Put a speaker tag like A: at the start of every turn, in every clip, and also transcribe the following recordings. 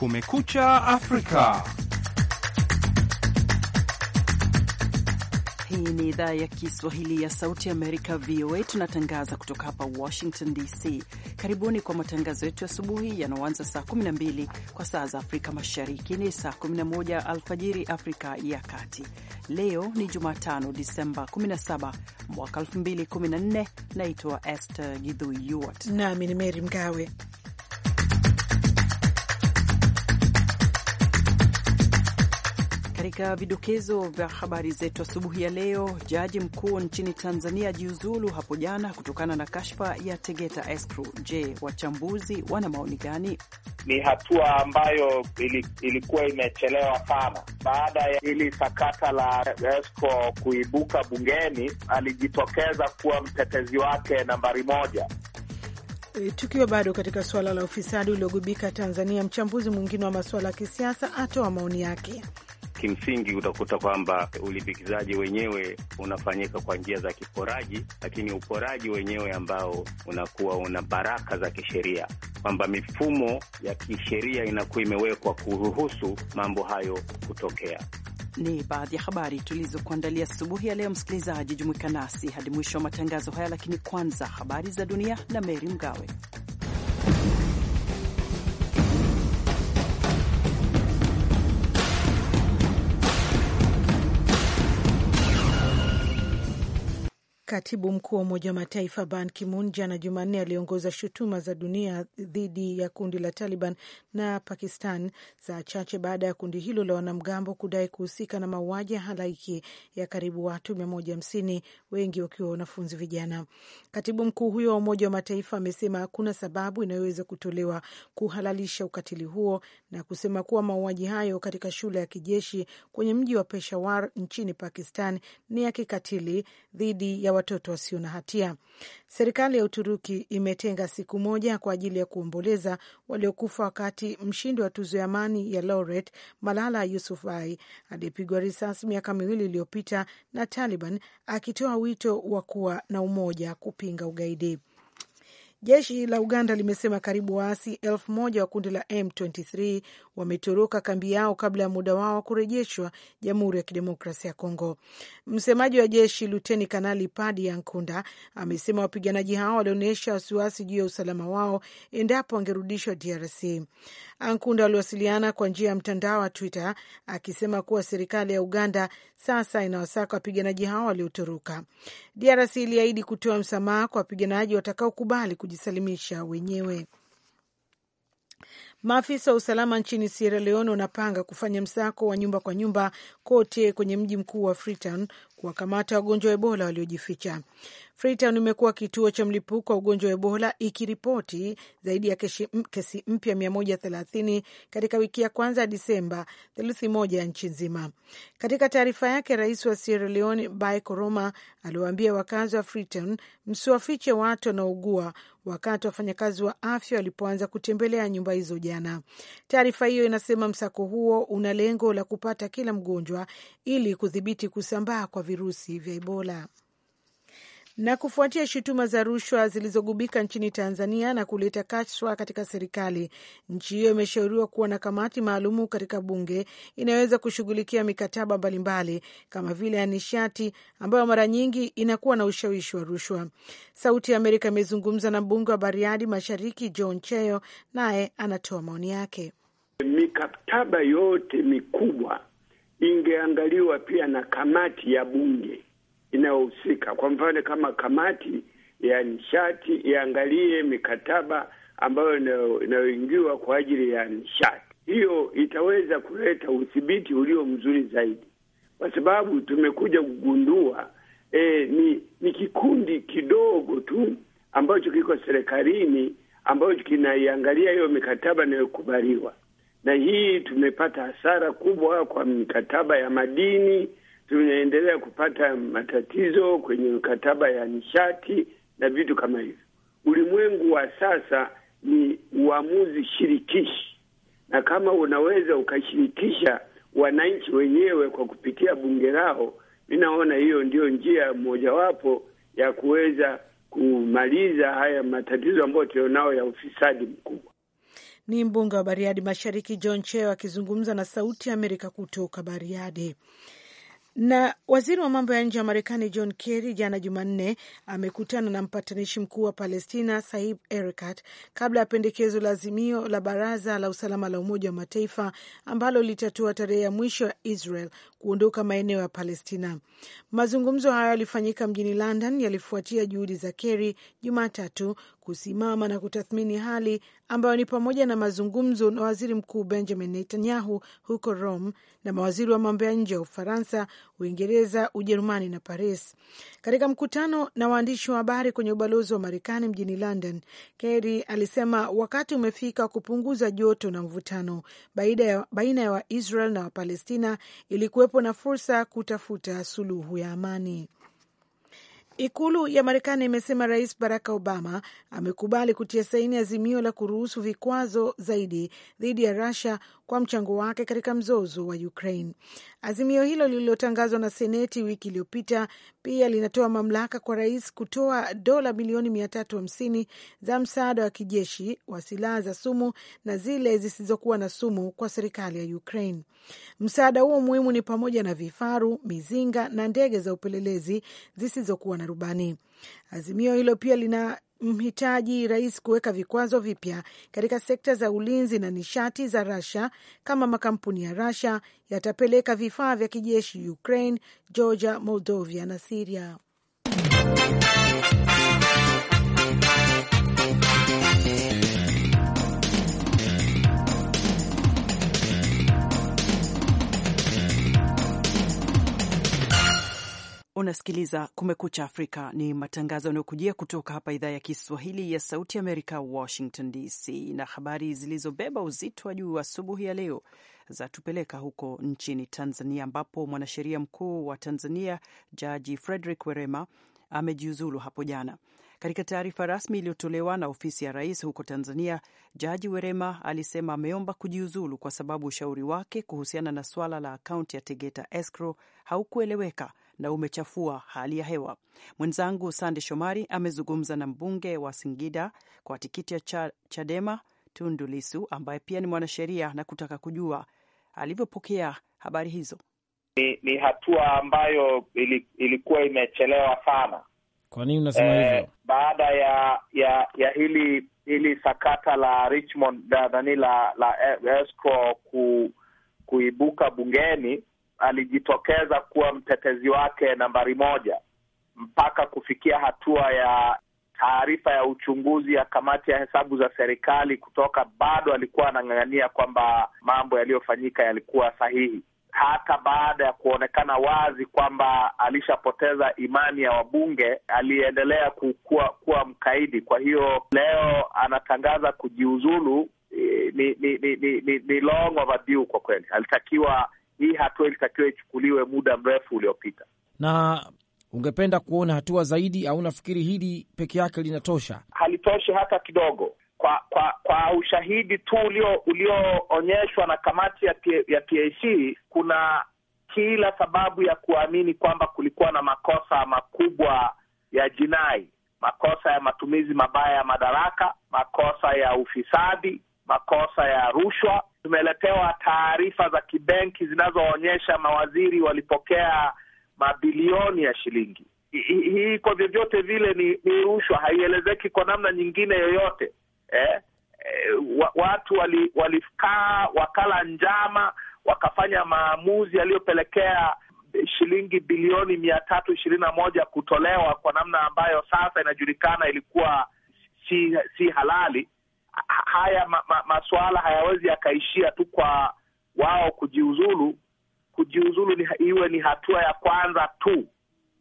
A: Kumekucha Afrika.
B: Hii ni idhaa ya Kiswahili ya Sauti ya Amerika, VOA. Tunatangaza kutoka hapa Washington DC. Karibuni kwa matangazo yetu ya asubuhi yanaoanza saa 12 kwa saa za Afrika Mashariki, ni saa 11 alfajiri Afrika ya Kati. Leo ni Jumatano, Disemba 17 mwaka 2014. Naitwa Esther Gidhui nami ni Meri Mgawe Katika vidokezo vya habari zetu asubuhi ya leo, jaji mkuu nchini Tanzania ajiuzulu hapo jana kutokana na kashfa ya Tegeta Escrow. Je, wachambuzi wana maoni gani?
C: Ni hatua ambayo ilikuwa imechelewa sana. Baada ya hili sakata la Escrow kuibuka bungeni, alijitokeza kuwa mtetezi wake nambari moja.
D: E, tukiwa bado katika suala la ufisadi uliogubika Tanzania, mchambuzi mwingine wa masuala ya kisiasa atoa maoni yake
E: kimsingi utakuta kwamba ulipikizaji wenyewe unafanyika kwa njia za kiporaji, lakini uporaji wenyewe ambao unakuwa una baraka za kisheria, kwamba mifumo ya kisheria inakuwa imewekwa kuruhusu mambo hayo kutokea.
B: Ni baadhi ya habari tulizokuandalia asubuhi ya leo. Msikilizaji, jumuika nasi hadi mwisho wa matangazo haya, lakini kwanza habari za dunia na Meri Mgawe.
D: Katibu mkuu wa Umoja wa Mataifa Ban ki jana Jumanne aliongoza shutuma za dunia dhidi ya kundi la Taliban na Pakistan saa chache baada ya kundi hilo la wanamgambo kudai kuhusika na mauaji ya halaiki ya karibu watu 150 wengi wakiwa wanafunzi vijana. Katibu mkuu huyo wa Umoja wa Mataifa amesema hakuna sababu inayoweza kutolewa kuhalalisha ukatili huo na kusema kuwa mauaji hayo katika shule ya kijeshi kwenye mji wa Peshawar nchini Pakistan ni ya kikatili dhidi ya watoto wasio na hatia. Serikali ya Uturuki imetenga siku moja kwa ajili ya kuomboleza waliokufa wakati mshindi wa tuzo ya amani ya lauret Malala Yousafzai aliyepigwa risasi miaka miwili iliyopita na Taliban, akitoa wito wa kuwa na umoja kupinga ugaidi. Jeshi la Uganda limesema karibu waasi elfu moja wa kundi la M23 wametoroka kambi yao kabla ya muda wao wa kurejeshwa Jamhuri ya Kidemokrasia ya Kongo. Msemaji wa jeshi Luteni Kanali Padi Yankunda amesema wapiganaji hao walionyesha wasiwasi juu ya usalama wao endapo wangerudishwa DRC. Ankunda waliwasiliana kwa njia ya mtandao wa Twitter akisema kuwa serikali ya Uganda sasa inawasaka wapiganaji hao waliotoroka DRC. Iliahidi kutoa msamaha kwa wapiganaji watakaokubali kujisalimisha wenyewe. Maafisa wa usalama nchini Sierra Leone wanapanga kufanya msako wa nyumba kwa nyumba kote kwenye mji mkuu wa Freetown kuwakamata wagonjwa wa Ebola waliojificha. Freetown imekuwa kituo cha mlipuko wa ugonjwa wa Ebola ikiripoti zaidi ya kesi mpya 130 katika wiki ya kwanza ya Disemba, theluthi moja ya nchi nzima. Katika taarifa yake, rais wa Sierra Leone Bai Koroma aliwaambia wakazi wa Freetown msiwafiche watu wanaougua wakati wafanyakazi wa afya walipoanza kutembelea nyumba hizo jana. Taarifa hiyo inasema msako huo una lengo la kupata kila mgonjwa ili kudhibiti kusambaa kwa virusi vya Ebola. Na kufuatia shutuma za rushwa zilizogubika nchini Tanzania na kuleta kashwa katika serikali, nchi hiyo imeshauriwa kuwa na kamati maalumu katika bunge inayoweza kushughulikia mikataba mbalimbali kama vile ya nishati ambayo mara nyingi inakuwa na ushawishi wa rushwa. Sauti ya Amerika imezungumza na mbunge wa Bariadi Mashariki John Cheyo, naye anatoa maoni yake.
F: Mikataba yote mikubwa ingeangaliwa pia na kamati ya bunge inayohusika. Kwa mfano, kama kamati ya nishati iangalie mikataba ambayo inayoingiwa kwa ajili ya nishati hiyo, itaweza kuleta udhibiti ulio mzuri zaidi, kwa sababu tumekuja kugundua e, ni, ni kikundi kidogo tu ambacho kiko serikalini ambacho kinaiangalia hiyo mikataba inayokubaliwa, na hii tumepata hasara kubwa kwa mikataba ya madini tunaendelea kupata matatizo kwenye mkataba ya nishati na vitu kama hivyo. Ulimwengu wa sasa ni uamuzi shirikishi, na kama unaweza ukashirikisha wananchi wenyewe kwa kupitia bunge lao, naona hiyo ndiyo njia mojawapo ya kuweza kumaliza haya matatizo ambayo tulionao ya ufisadi mkubwa.
D: Ni mbunge wa Bariadi Mashariki John Cheo akizungumza na Sauti ya Amerika kutoka Bariadi. Na waziri wa mambo ya nje wa Marekani John Kerry jana Jumanne amekutana na mpatanishi mkuu wa Palestina Saib Erekat kabla ya pendekezo la azimio la Baraza la Usalama la Umoja wa Mataifa ambalo litatoa tarehe ya mwisho ya Israel kuondoka maeneo ya Palestina. Mazungumzo hayo yalifanyika mjini London, yalifuatia juhudi za Kerry Jumatatu kusimama na kutathmini hali ambayo ni pamoja na mazungumzo na waziri mkuu Benjamin Netanyahu huko Rome na mawaziri wa mambo ya nje ya Ufaransa, Uingereza, Ujerumani na Paris. Katika mkutano na waandishi wa habari kwenye ubalozi wa Marekani mjini London, Kerry alisema wakati umefika kupunguza joto na mvutano baina ya Waisrael na Wapalestina ili kuwepo na fursa kutafuta suluhu ya amani. Ikulu ya Marekani imesema Rais Barack Obama amekubali kutia saini azimio la kuruhusu vikwazo zaidi dhidi ya Russia kwa mchango wake katika mzozo wa Ukraine. Azimio hilo lililotangazwa na Seneti wiki iliyopita pia linatoa mamlaka kwa rais kutoa dola milioni mia tatu hamsini za msaada wa kijeshi wa silaha za sumu na zile zisizokuwa na sumu kwa serikali ya Ukraine. Msaada huo muhimu ni pamoja na vifaru, mizinga na ndege za upelelezi zisizokuwa na rubani. Azimio hilo pia lina mhitaji rais kuweka vikwazo vipya katika sekta za ulinzi na nishati za rusia kama makampuni ya rusia yatapeleka vifaa vya kijeshi Ukraine, Georgia, Moldovia na Siria.
B: Unasikiliza Kumekucha Afrika, ni matangazo yanayokujia kutoka hapa idhaa ya Kiswahili ya Sauti Amerika, Washington DC. Na habari zilizobeba uzito wa juu asubuhi ya leo zatupeleka huko nchini Tanzania, ambapo mwanasheria mkuu wa Tanzania Jaji Frederick Werema amejiuzulu hapo jana. Katika taarifa rasmi iliyotolewa na ofisi ya rais huko Tanzania, Jaji Werema alisema ameomba kujiuzulu kwa sababu ushauri wake kuhusiana na swala la akaunti ya Tegeta Escrow haukueleweka na umechafua hali ya hewa. Mwenzangu Sande Shomari amezungumza na mbunge wa Singida kwa tikiti ya cha, Chadema Tundu Lisu ambaye pia ni mwanasheria na kutaka kujua alivyopokea habari hizo.
C: Ni, ni hatua ambayo ilikuwa imechelewa sana.
G: Kwa nini unasema eh, hivyo? Eh,
C: baada ya ya ya hili hili sakata la Richmond, la, la, la eh, escrow ku, kuibuka bungeni alijitokeza kuwa mtetezi wake nambari moja mpaka kufikia hatua ya taarifa ya uchunguzi ya kamati ya hesabu za serikali kutoka, bado alikuwa anang'ang'ania kwamba mambo yaliyofanyika yalikuwa sahihi, hata baada ya kuonekana wazi kwamba alishapoteza imani ya wabunge, aliendelea kukua, kuwa mkaidi. Kwa hiyo leo anatangaza kujiuzulu. Ni, ni, ni, ni, ni long overdue kwa kweli. Alitakiwa hii hatua ilitakiwa ichukuliwe muda mrefu uliopita.
G: Na ungependa kuona hatua zaidi, au nafikiri hili peke yake linatosha?
C: Halitoshi hata kidogo. Kwa kwa kwa ushahidi tu ulioonyeshwa ulio na kamati ya, ya PAC kuna kila sababu ya kuamini kwamba kulikuwa na makosa makubwa ya jinai, makosa ya matumizi mabaya ya madaraka, makosa ya ufisadi, makosa ya rushwa tumeletewa taarifa za kibenki zinazoonyesha mawaziri walipokea mabilioni ya shilingi hii. Kwa vyovyote vile ni, ni rushwa, haielezeki kwa namna nyingine yoyote eh? Eh, watu walikaa wakala njama wakafanya maamuzi yaliyopelekea shilingi bilioni mia tatu ishirini na moja kutolewa kwa namna ambayo sasa inajulikana ilikuwa si, si halali haya ma, ma, masuala hayawezi yakaishia tu kwa wao kujiuzulu. Kujiuzulu ni, iwe ni hatua ya kwanza tu,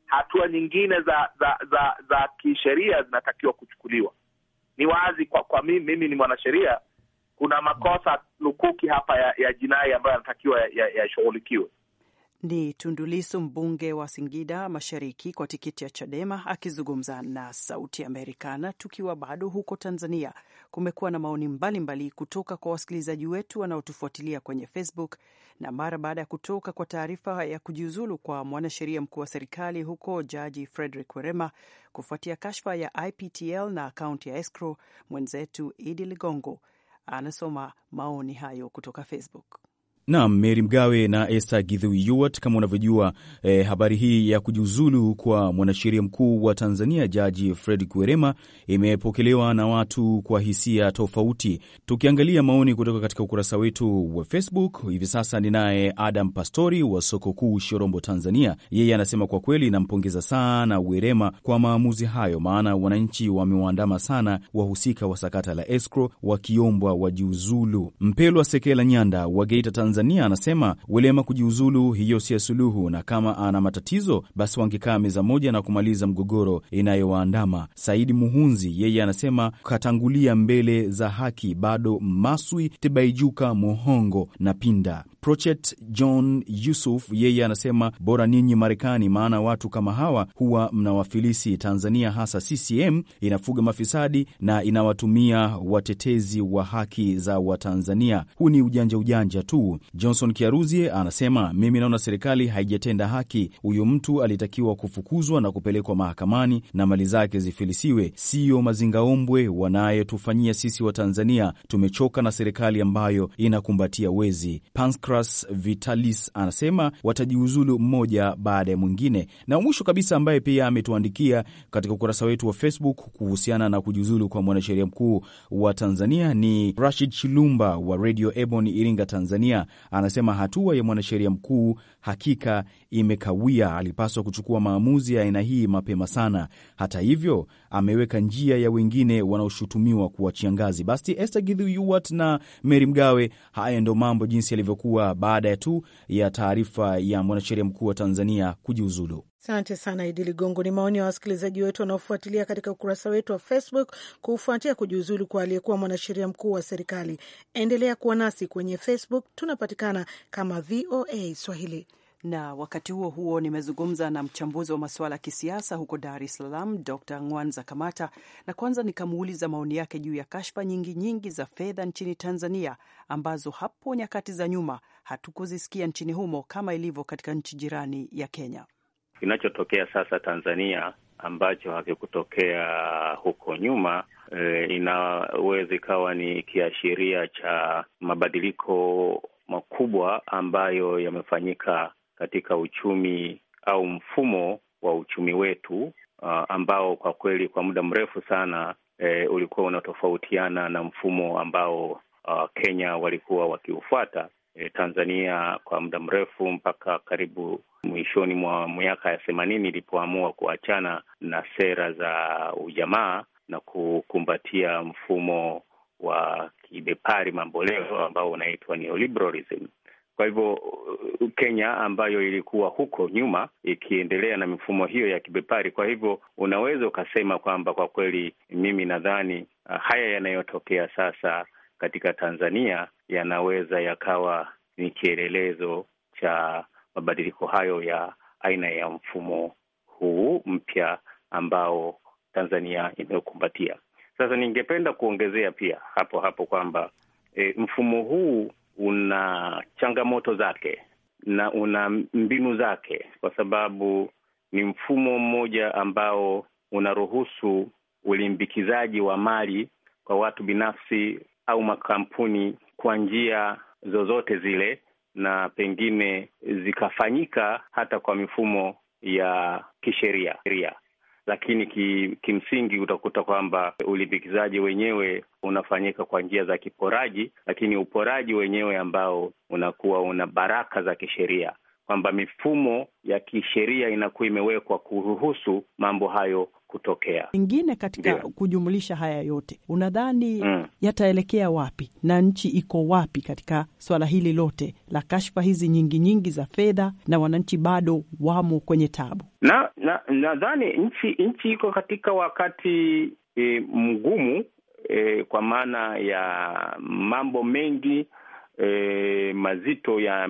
C: hatua nyingine za za za, za kisheria zinatakiwa kuchukuliwa. Ni wazi kwa, kwa mimi, mimi ni mwanasheria, kuna makosa lukuki hapa ya, ya jinai ambayo yanatakiwa yashughulikiwe ya
B: ni Tundulisu, mbunge wa Singida Mashariki kwa tikiti ya Chadema, akizungumza na Sauti Amerikana. Tukiwa bado huko Tanzania, kumekuwa na maoni mbalimbali mbali kutoka kwa wasikilizaji wetu wanaotufuatilia kwenye Facebook. Na mara baada ya kutoka kwa taarifa ya kujiuzulu kwa mwanasheria mkuu wa serikali huko, Jaji Frederick Werema, kufuatia kashfa ya IPTL na akaunti ya escrow, mwenzetu Idi Ligongo anasoma maoni hayo kutoka Facebook.
A: Naam, Meri Mgawe na Esther Githui kama unavyojua eh, habari hii ya kujiuzulu kwa mwanasheria mkuu wa Tanzania Jaji Fred Kuerema imepokelewa na watu kwa hisia tofauti. Tukiangalia maoni kutoka katika ukurasa wetu wa Facebook hivi sasa, ninaye Adam Pastori wa soko kuu Shorombo, Tanzania. Yeye anasema kwa kweli, nampongeza sana werema kwa maamuzi hayo, maana wananchi wamewaandama sana wahusika wa sakata la escrow wakiombwa wajiuzulu. Mpelwa Sekela Nyanda wa Geita, Tanzania Tanzania anasema Welema kujiuzulu hiyo si suluhu, na kama ana matatizo basi wangekaa meza moja na kumaliza mgogoro inayowaandama. Saidi Muhunzi yeye anasema katangulia mbele za haki bado Maswi, Tebaijuka, Muhongo na Pinda. Prochet John Yusuf yeye anasema bora ninyi Marekani, maana watu kama hawa huwa mnawafilisi. Tanzania hasa CCM inafuga mafisadi na inawatumia watetezi wa haki za Watanzania. Huu ni ujanja ujanja tu. Johnson Kiaruzi anasema mimi naona serikali haijatenda haki. Huyu mtu alitakiwa kufukuzwa na kupelekwa mahakamani na mali zake zifilisiwe, siyo mazingaombwe wanayetufanyia sisi Watanzania. Tumechoka na serikali ambayo inakumbatia wezi Pansk Petros Vitalis anasema watajiuzulu mmoja baada ya mwingine. Na mwisho kabisa, ambaye pia ametuandikia katika ukurasa wetu wa Facebook kuhusiana na kujiuzulu kwa mwanasheria mkuu wa Tanzania ni Rashid Chilumba wa Radio Ebon Iringa, Tanzania, anasema hatua ya mwanasheria mkuu hakika imekawia, alipaswa kuchukua maamuzi ya aina hii mapema sana. Hata hivyo ameweka njia ya wengine wanaoshutumiwa kuwachia ngazi. Basi Esther Githui na Mary Mgawe, haya ndo mambo jinsi yalivyokuwa baada ya tu ya taarifa ya mwanasheria mkuu wa Tanzania kujiuzulu.
D: Asante sana Idi Ligongo. Ni maoni ya wasikilizaji wetu wanaofuatilia katika ukurasa wetu wa Facebook kufuatia kujiuzulu kwa aliyekuwa mwanasheria mkuu wa serikali.
B: Endelea kuwa nasi kwenye Facebook, tunapatikana kama VOA Swahili. Na wakati huo huo nimezungumza na mchambuzi wa masuala ya kisiasa huko Dar es Salaam, Dr Ngwanza Kamata, na kwanza nikamuuliza maoni yake juu ya kashfa nyingi nyingi za fedha nchini Tanzania ambazo hapo nyakati za nyuma hatukuzisikia nchini humo kama ilivyo katika nchi jirani ya Kenya.
E: Kinachotokea sasa Tanzania ambacho hakikutokea huko nyuma e, inaweza ikawa ni kiashiria cha mabadiliko makubwa ambayo yamefanyika katika uchumi au mfumo wa uchumi wetu uh, ambao kwa kweli kwa muda mrefu sana e, ulikuwa unatofautiana na mfumo ambao uh, Kenya walikuwa wakiufuata. E, Tanzania kwa muda mrefu mpaka karibu mwishoni mwa miaka ya themanini ilipoamua kuachana na sera za ujamaa na kukumbatia mfumo wa kibepari mamboleo ambao unaitwa neoliberalism. Kwa hivyo uh, Kenya ambayo ilikuwa huko nyuma ikiendelea na mifumo hiyo ya kibepari, kwa hivyo unaweza ukasema kwamba kwa kweli mimi nadhani uh, haya yanayotokea sasa katika Tanzania yanaweza yakawa ni kielelezo cha mabadiliko hayo ya aina ya mfumo huu mpya ambao Tanzania imeukumbatia. Sasa ningependa kuongezea pia hapo hapo kwamba e, mfumo huu una changamoto zake na una mbinu zake, kwa sababu ni mfumo mmoja ambao unaruhusu ulimbikizaji wa mali kwa watu binafsi au makampuni kwa njia zozote zile, na pengine zikafanyika hata kwa mifumo ya kisheria lakini ki, kimsingi utakuta kwamba ulimbikizaji wenyewe unafanyika kwa njia za kiporaji, lakini uporaji wenyewe ambao unakuwa una baraka za kisheria kwamba mifumo ya kisheria inakuwa imewekwa kuruhusu mambo hayo kutokea.
B: Ingine katika Ndiyo. kujumlisha haya yote unadhani mm. yataelekea wapi na nchi iko wapi katika swala hili lote la kashfa hizi nyingi nyingi za fedha, na wananchi bado wamo kwenye tabu?
F: Na nadhani na nchi nchi iko
E: katika wakati e, mgumu e, kwa maana ya mambo mengi e, mazito ya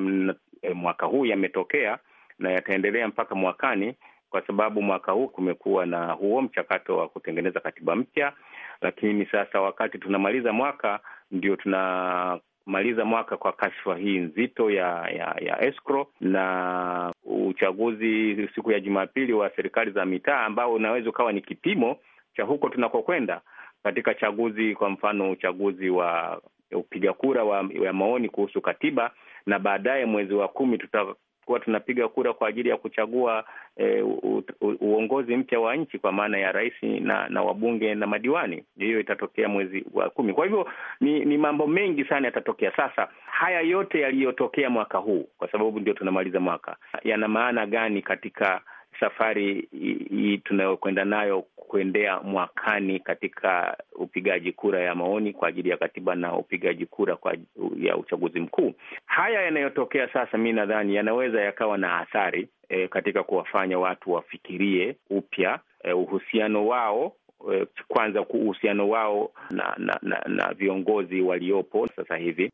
E: e, mwaka huu yametokea na yataendelea mpaka mwakani kwa sababu mwaka huu kumekuwa na huo mchakato wa kutengeneza katiba mpya, lakini sasa wakati tunamaliza mwaka ndio tuna maliza mwaka kwa kashfa hii nzito ya ya, ya escrow na uchaguzi siku ya Jumapili wa serikali za mitaa ambao unaweza ukawa ni kipimo cha huko tunakokwenda katika chaguzi, kwa mfano uchaguzi wa upiga kura wa, wa maoni kuhusu katiba, na baadaye mwezi wa kumi tuta, huwa tunapiga kura kwa ajili ya kuchagua e, u, u, uongozi mpya wa nchi kwa maana ya rais na, na wabunge na madiwani. Hiyo itatokea mwezi wa kumi. Kwa hivyo ni, ni mambo mengi sana yatatokea. Sasa haya yote yaliyotokea mwaka huu, kwa sababu ndio tunamaliza mwaka, yana maana gani katika safari hii tunayokwenda nayo kuendea mwakani katika upigaji kura ya maoni kwa ajili ya katiba na upigaji kura kwa ya uchaguzi mkuu. Haya yanayotokea sasa, mi nadhani yanaweza yakawa na athari e, katika kuwafanya watu wafikirie upya e, uhusiano wao e, kwanza uhusiano wao na, na, na, na viongozi waliopo sasa hivi.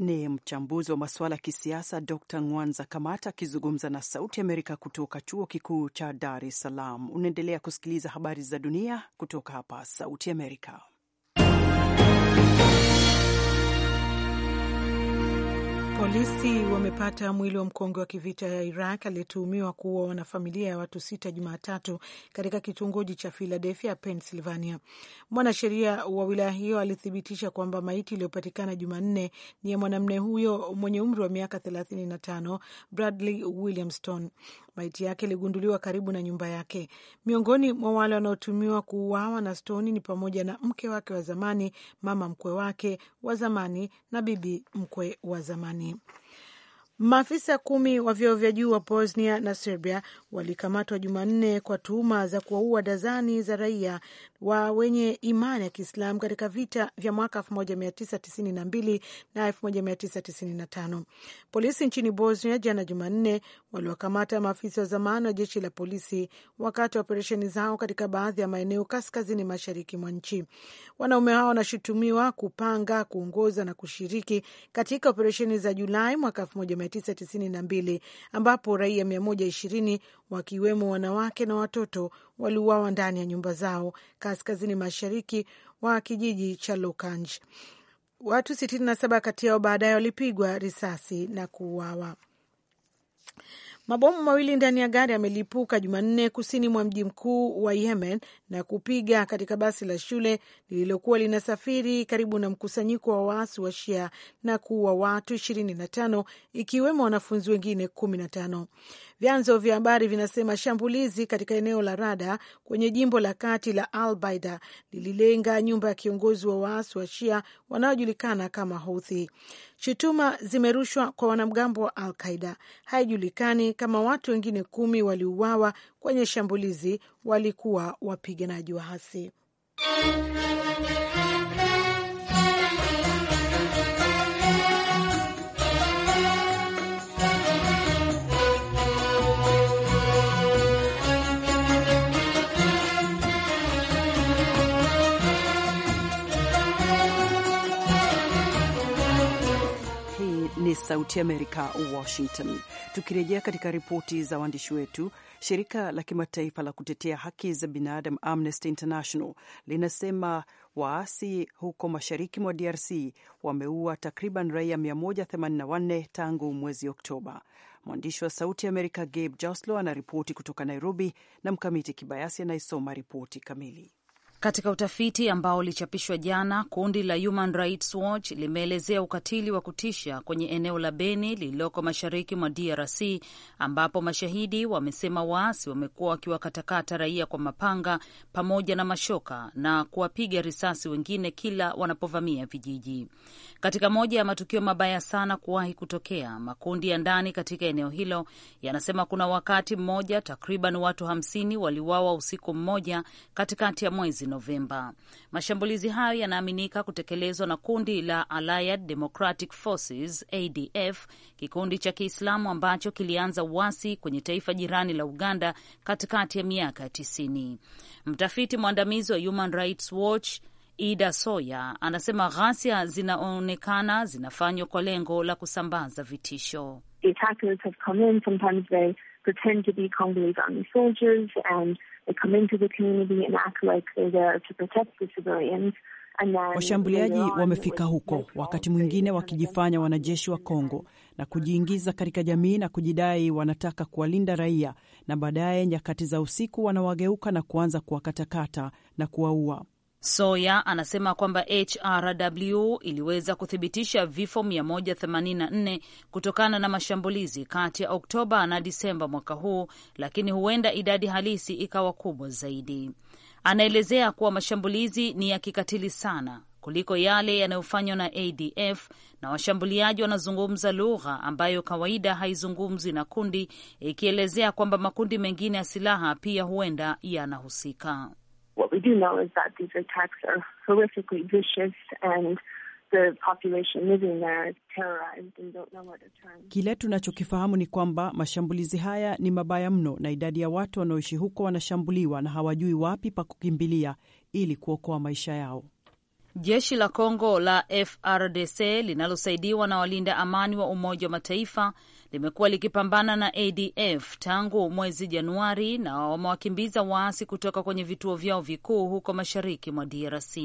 B: Ni mchambuzi wa masuala ya kisiasa Dr Ngwanza Kamata akizungumza na Sauti Amerika kutoka chuo kikuu cha Dar es Salaam. Unaendelea kusikiliza habari za dunia kutoka hapa Sauti Amerika. Polisi wamepata mwili wa mkongwe wa kivita
D: ya Iraq aliyetuhumiwa kuua wanafamilia ya watu sita Jumatatu katika kitongoji cha Philadelphia, Pennsylvania. Mwanasheria wa wilaya hiyo alithibitisha kwamba maiti iliyopatikana Jumanne ni ya mwanamume huyo mwenye umri wa miaka 35, Bradley Williamston. Maiti yake iligunduliwa karibu na nyumba yake. Miongoni mwa wale wanaotumiwa kuuawa na Stoni ni pamoja na mke wake wa zamani, mama mkwe wake wa zamani na bibi mkwe wa zamani. Maafisa kumi wa vyeo vya juu wa Bosnia na Serbia walikamatwa Jumanne kwa tuhuma za kuwaua dazani za raia wa wenye imani ya Kiislamu katika vita vya mwaka 1992 na 1995. Polisi nchini Bosnia jana Jumanne waliwakamata maafisa wa zamani wa jeshi la polisi wakati wa operesheni zao katika baadhi ya maeneo kaskazini mashariki mwa nchi. Wanaume hao wanashutumiwa kupanga, kuongoza na kushiriki katika operesheni za Julai mwaka 1992 ambapo raia 120 wakiwemo wanawake na watoto waliuawa ndani ya nyumba zao kaskazini mashariki wa kijiji cha Lokanj. Watu 67 kati yao baadaye walipigwa risasi na kuuawa. Mabomu mawili ndani ya gari yamelipuka Jumanne kusini mwa mji mkuu wa Yemen na kupiga katika basi la shule lililokuwa linasafiri karibu na mkusanyiko wa waasi wa Shia na kuua watu 25 ikiwemo wanafunzi wengine 15. Vyanzo vya habari vinasema shambulizi katika eneo la Rada kwenye jimbo la kati la Albaida lililenga nyumba ya kiongozi wa waasi wa Shia wanaojulikana kama Houthi. Shutuma zimerushwa kwa wanamgambo wa Al Qaida. Haijulikani kama watu wengine kumi waliuawa kwenye shambulizi, walikuwa wapiganaji wa hasi
B: ni Sauti Amerika, Washington. Tukirejea katika ripoti za waandishi wetu, shirika la kimataifa la kutetea haki za binadamu Amnesty International linasema waasi huko mashariki mwa DRC wameua takriban raia 184 tangu mwezi Oktoba. Mwandishi wa Sauti Amerika Gabe joslo anaripoti kutoka Nairobi na Mkamiti Kibayasi anayesoma ripoti
H: kamili. Katika utafiti ambao ulichapishwa jana, kundi la Human Rights Watch limeelezea ukatili wa kutisha kwenye eneo la Beni lililoko mashariki mwa DRC, ambapo mashahidi wamesema waasi wamekuwa wakiwakatakata raia kwa mapanga pamoja na mashoka na kuwapiga risasi wengine kila wanapovamia vijiji. Katika moja ya matukio mabaya sana kuwahi kutokea, makundi ya ndani katika eneo hilo yanasema kuna wakati mmoja takriban watu hamsini waliuawa usiku mmoja katikati ya mwezi Novemba. Mashambulizi hayo yanaaminika kutekelezwa na kundi la Allied Democratic Forces ADF, kikundi cha Kiislamu ambacho kilianza uasi kwenye taifa jirani la Uganda katikati ya miaka ya tisini. Mtafiti mwandamizi wa Human Rights Watch Ida Soya anasema ghasia zinaonekana zinafanywa kwa lengo la kusambaza vitisho.
F: The attackers have come in, sometimes they pretend to be Congolese army soldiers and Washambuliaji
B: wamefika huko, wakati oh, mwingine wakijifanya wanajeshi wa Kongo na kujiingiza katika jamii na kujidai wanataka kuwalinda raia, na baadaye nyakati za usiku wanawageuka na kuanza kuwakatakata na kuwaua.
H: Soya anasema kwamba HRW iliweza kuthibitisha vifo 184 kutokana na mashambulizi kati ya Oktoba na Disemba mwaka huu, lakini huenda idadi halisi ikawa kubwa zaidi. Anaelezea kuwa mashambulizi ni ya kikatili sana kuliko yale yanayofanywa na ADF na washambuliaji wanazungumza lugha ambayo kawaida haizungumzwi na kundi, ikielezea kwamba makundi mengine ya silaha pia huenda yanahusika.
F: What we do know is that these attacks are horrifically vicious and the population living there is terrorized and don't know where to
B: turn. Kile tunachokifahamu ni kwamba mashambulizi haya ni mabaya mno na idadi ya watu wanaoishi huko wanashambuliwa na hawajui wapi pa kukimbilia ili kuokoa maisha yao.
H: Jeshi la Kongo la FRDC linalosaidiwa na walinda amani wa Umoja wa Mataifa limekuwa likipambana na ADF tangu mwezi Januari na wamewakimbiza waasi kutoka kwenye vituo vyao vikuu huko mashariki mwa DRC.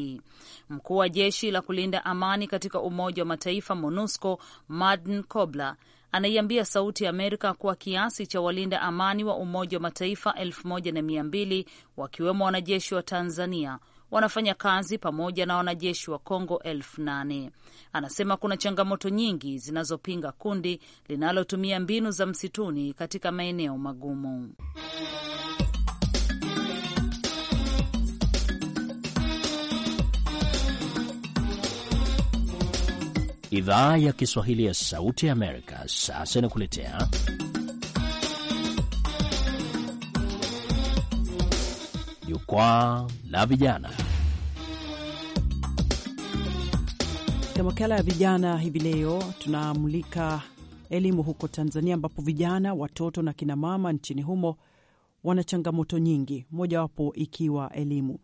H: Mkuu wa jeshi la kulinda amani katika Umoja wa Mataifa MONUSCO Martin Kobler anaiambia Sauti ya Amerika kuwa kiasi cha walinda amani wa Umoja wa Mataifa elfu moja na mia mbili wakiwemo wanajeshi wa Tanzania wanafanya kazi pamoja na wanajeshi wa Kongo elfu nane. Anasema kuna changamoto nyingi zinazopinga kundi linalotumia mbinu za msituni katika maeneo magumu.
E: Idhaa ya Kiswahili ya Sauti ya Amerika sasa inakuletea jukwaa
A: la vijana.
B: Katika makala ya vijana hivi leo tunamulika elimu huko Tanzania, ambapo vijana, watoto na kinamama nchini humo wana changamoto nyingi, mojawapo ikiwa elimu.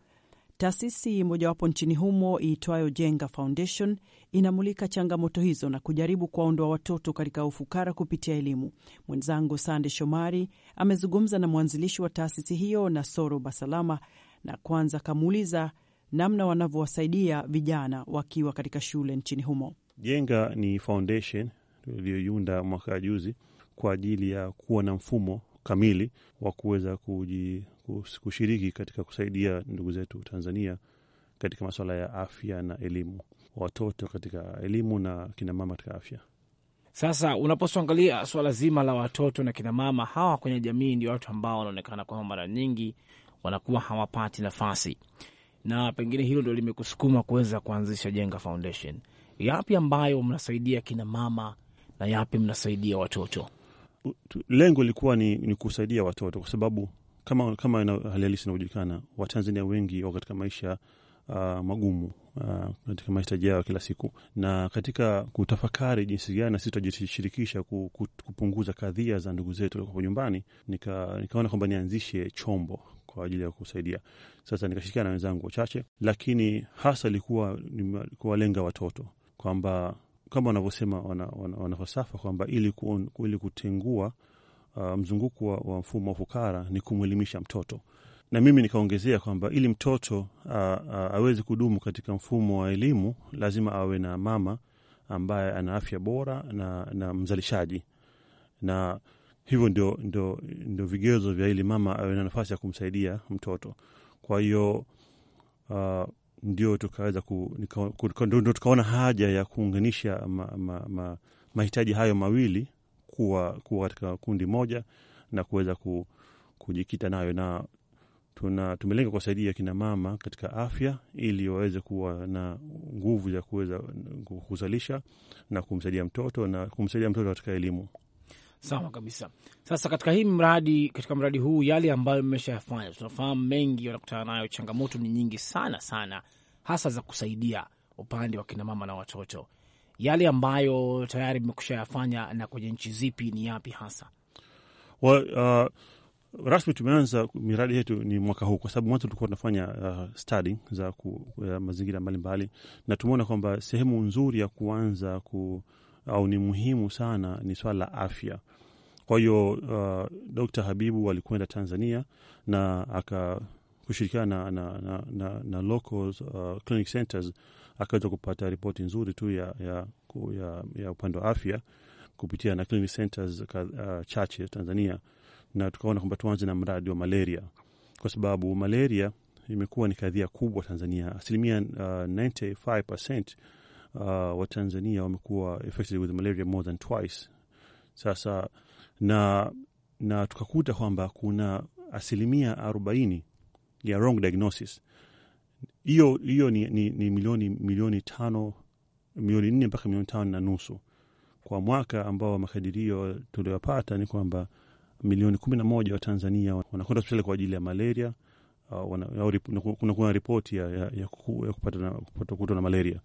B: Taasisi mojawapo nchini humo iitwayo Jenga Foundation inamulika changamoto hizo na kujaribu kuwaondoa watoto katika ufukara kupitia elimu. Mwenzangu Sande Shomari amezungumza na mwanzilishi wa taasisi hiyo na Soro Basalama, na kwanza kamuuliza namna wanavyowasaidia vijana wakiwa katika shule nchini humo.
I: Jenga ni foundation iliyoiunda mwaka juzi kwa ajili ya kuwa na mfumo kamili wa kuweza kushiriki katika kusaidia ndugu zetu Tanzania katika masuala ya afya na elimu, watoto katika elimu na kinamama katika afya. Sasa unaposwangalia suala zima la watoto na kinamama
G: hawa kwenye jamii, ndio watu ambao wanaonekana kwamba mara nyingi wanakuwa hawapati nafasi na pengine hilo ndo limekusukuma kuweza kuanzisha Jenga Foundation. Yapi ambayo mnasaidia kina mama na yapi mnasaidia watoto?
I: Lengo lilikuwa ni, ni kusaidia watoto kwa sababu kama, kama hali halisi inayojulikana, Watanzania wengi wako katika maisha uh, magumu uh, katika mahitaji yao kila siku, na katika kutafakari jinsi gani na sisi tutajishirikisha kupunguza kadhia za ndugu zetu walioko nyumbani, nika, nikaona kwamba nianzishe chombo kwa ajili ya kusaidia. Sasa nikashirikiana na wenzangu wachache, lakini hasa ilikuwa kuwalenga watoto kwamba kama wanavyosema wanafasafa wana, kwamba ili, ku, ili kutengua uh, mzunguko wa, wa mfumo wa fukara ni kumwelimisha mtoto, na mimi nikaongezea kwamba ili mtoto uh, uh, aweze kudumu katika mfumo wa elimu lazima awe na mama ambaye ana afya bora na, na mzalishaji na Hivyo ndio, ndio, ndio vigezo vya ili mama awe na nafasi ya kumsaidia mtoto. Kwa hiyo uh, ndio tukaweza ndio tukaona haja ya kuunganisha ma, ma, ma, mahitaji hayo mawili kuwa, kuwa katika kundi moja na kuweza ku, kujikita nayo na tuna tumelenga kuwasaidia kina mama katika afya ili waweze kuwa na nguvu za kuweza kuzalisha na kumsaidia mtoto na kumsaidia mtoto katika elimu.
G: Sawa kabisa. Sasa katika hii mradi, katika mradi huu yale ambayo mmeshayafanya, tunafahamu mengi wanakutana nayo, changamoto ni nyingi sana sana, hasa za kusaidia upande wa kinamama na watoto. Yale ambayo tayari mmekusha yafanya na kwenye nchi zipi, ni yapi hasa?
I: Well, uh, rasmi tumeanza miradi yetu ni mwaka huu, kwa sababu mwanzo tulikuwa tunafanya uh, study za ku, uh, mazingira mbalimbali, na tumeona kwamba sehemu nzuri ya kuanza ku au ni muhimu sana ni swala la afya. Kwa hiyo uh, Dkt. Habibu alikwenda Tanzania na akakushirikiana na, na, na, na, na local uh, clinic centers akaweza kupata ripoti nzuri tu ya, ya, ya, ya upande wa afya kupitia na clinic centers uh, chache Tanzania, na tukaona kwamba tuanze na mradi wa malaria kwa sababu malaria imekuwa ni kadhia kubwa Tanzania. Asilimia uh, 95% uh, wa Tanzania wamekuwa with malaria more than twice sasa, na, na tukakuta kwamba kuna asilimia arobaini ya wrong diagnosis. Hiyo hiyo ni, ni, ni milioni milioni tano milioni nne mpaka milioni tano na nusu kwa mwaka ambao makadirio tuliyopata ni kwamba milioni kumi na moja wa Tanzania wanakwenda hospitali kwa ajili ya malaria. Uh, kuna ripoti ya, ya, ya, ya na malaria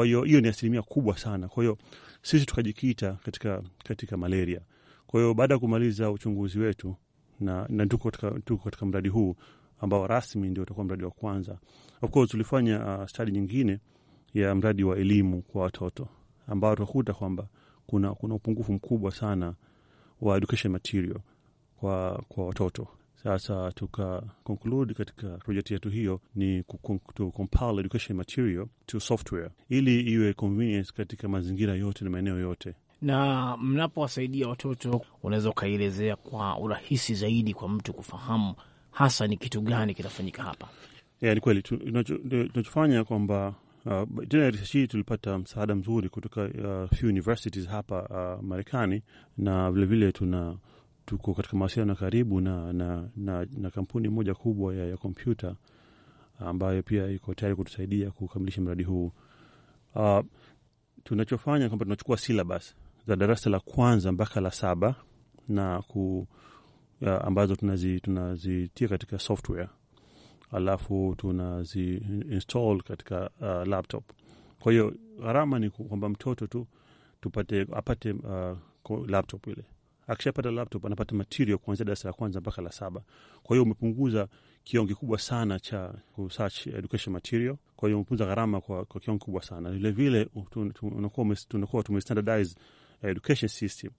I: kwa hiyo hiyo ni asilimia kubwa sana. Kwa hiyo sisi tukajikita katika, katika malaria. Kwa hiyo baada ya kumaliza uchunguzi wetu na, na tuko katika, katika mradi huu ambao rasmi ndio utakuwa mradi wa kwanza. Of course tulifanya uh, stadi nyingine ya mradi wa elimu kwa watoto ambao tutakuta kwamba kuna, kuna upungufu mkubwa sana wa education material kwa, kwa watoto sasa tuka conclude katika projekti yetu hiyo ni to compile education material to software ili iwe convenience katika mazingira yote na maeneo yote.
G: Na mnapowasaidia watoto,
I: unaweza ukaielezea
G: kwa urahisi zaidi kwa mtu kufahamu hasa ni kitu gani kinafanyika hapa?
I: Yeah, ni kweli tunachofanya kwamba Uh, tena research hii tulipata msaada mzuri kutoka uh, few universities hapa uh, Marekani na vilevile tuna tuko katika mawasiliano ya karibu na, na, na, na kampuni moja kubwa ya, ya kompyuta ambayo pia iko tayari kutusaidia kukamilisha mradi huu. Uh, tunachofanya kwamba tunachukua syllabus za darasa la kwanza mpaka la saba na ku, uh, ambazo tunazitia tunazi katika software alafu tunazi install katika uh, laptop. Kwa hiyo gharama ni kwamba mtoto tu tupate apate uh, laptop ile akishapata laptop anapata material kuanzia darasa la kwanza mpaka la saba. Kwa hiyo umepunguza kiwango kikubwa sana cha search education material. Kwa hiyo umepunguza gharama kwa, kwa kiwango kikubwa sana. Vilevile tunakuwa tumestandardize eh, education system,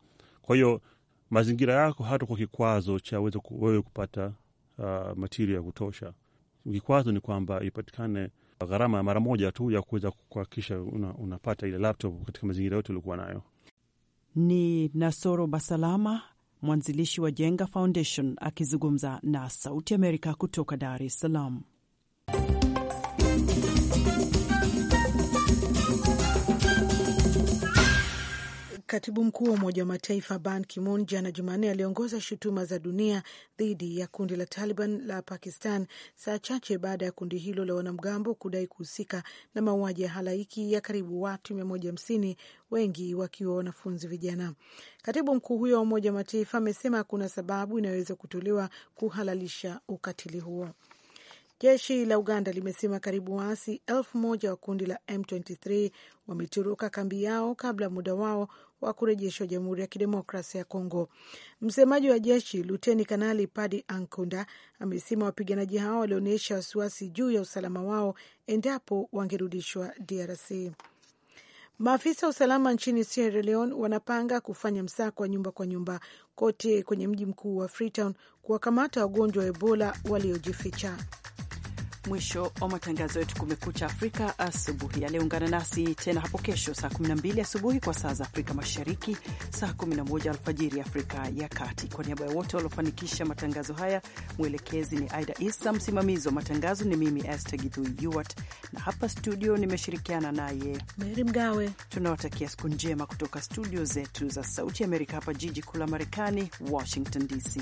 I: kwa hiyo mazingira yako hata kwa kikwazo cha weza wewe kupata uh, material ya kutosha. Kikwazo ni kwamba ipatikane gharama ya mara moja tu ya kuweza kuhakikisha una, unapata ile laptop katika mazingira yote uliokuwa nayo.
B: Ni Nasoro Basalama, mwanzilishi wa Jenga Foundation, akizungumza na Sauti Amerika kutoka Dar es Salaam.
D: Katibu mkuu wa Umoja wa Mataifa Ban ki jana Jumanne aliongoza shutuma za dunia dhidi ya kundi la Taliban la Pakistan saa chache baada ya kundi hilo la wanamgambo kudai kuhusika na mauaji ya halaiki ya karibu watu mia moja hamsini wengi wakiwa wanafunzi vijana. Katibu mkuu huyo wa Umoja wa Mataifa amesema hakuna sababu inayoweza kutolewa kuhalalisha ukatili huo. Jeshi la Uganda limesema karibu waasi elfu moja wa kundi la M23 wametoroka kambi yao kabla ya muda wao wa kurejeshwa Jamhuri ya Kidemokrasia ya Kongo. Msemaji wa jeshi Luteni Kanali Padi Ankunda amesema wapiganaji hao walionyesha wasiwasi juu ya usalama wao endapo wangerudishwa DRC. Maafisa wa usalama nchini Sierra Leone wanapanga kufanya msako wa nyumba kwa nyumba kote kwenye mji mkuu wa Freetown kuwakamata wagonjwa wa Ebola waliojificha
B: mwisho wa matangazo yetu Kumekucha Afrika asubuhi ya leo. Ungana nasi tena hapo kesho saa 12 asubuhi kwa saa za Afrika Mashariki, saa 11 alfajiri Afrika ya Kati. Kwa niaba ya wote waliofanikisha matangazo haya, mwelekezi ni Aida Isa, msimamizi wa matangazo ni mimi Esther Githui yuart na hapa studio nimeshirikiana naye Meri Mgawe. Tunawatakia siku njema kutoka studio zetu za Sauti Amerika hapa jiji kuu la Marekani, Washington DC.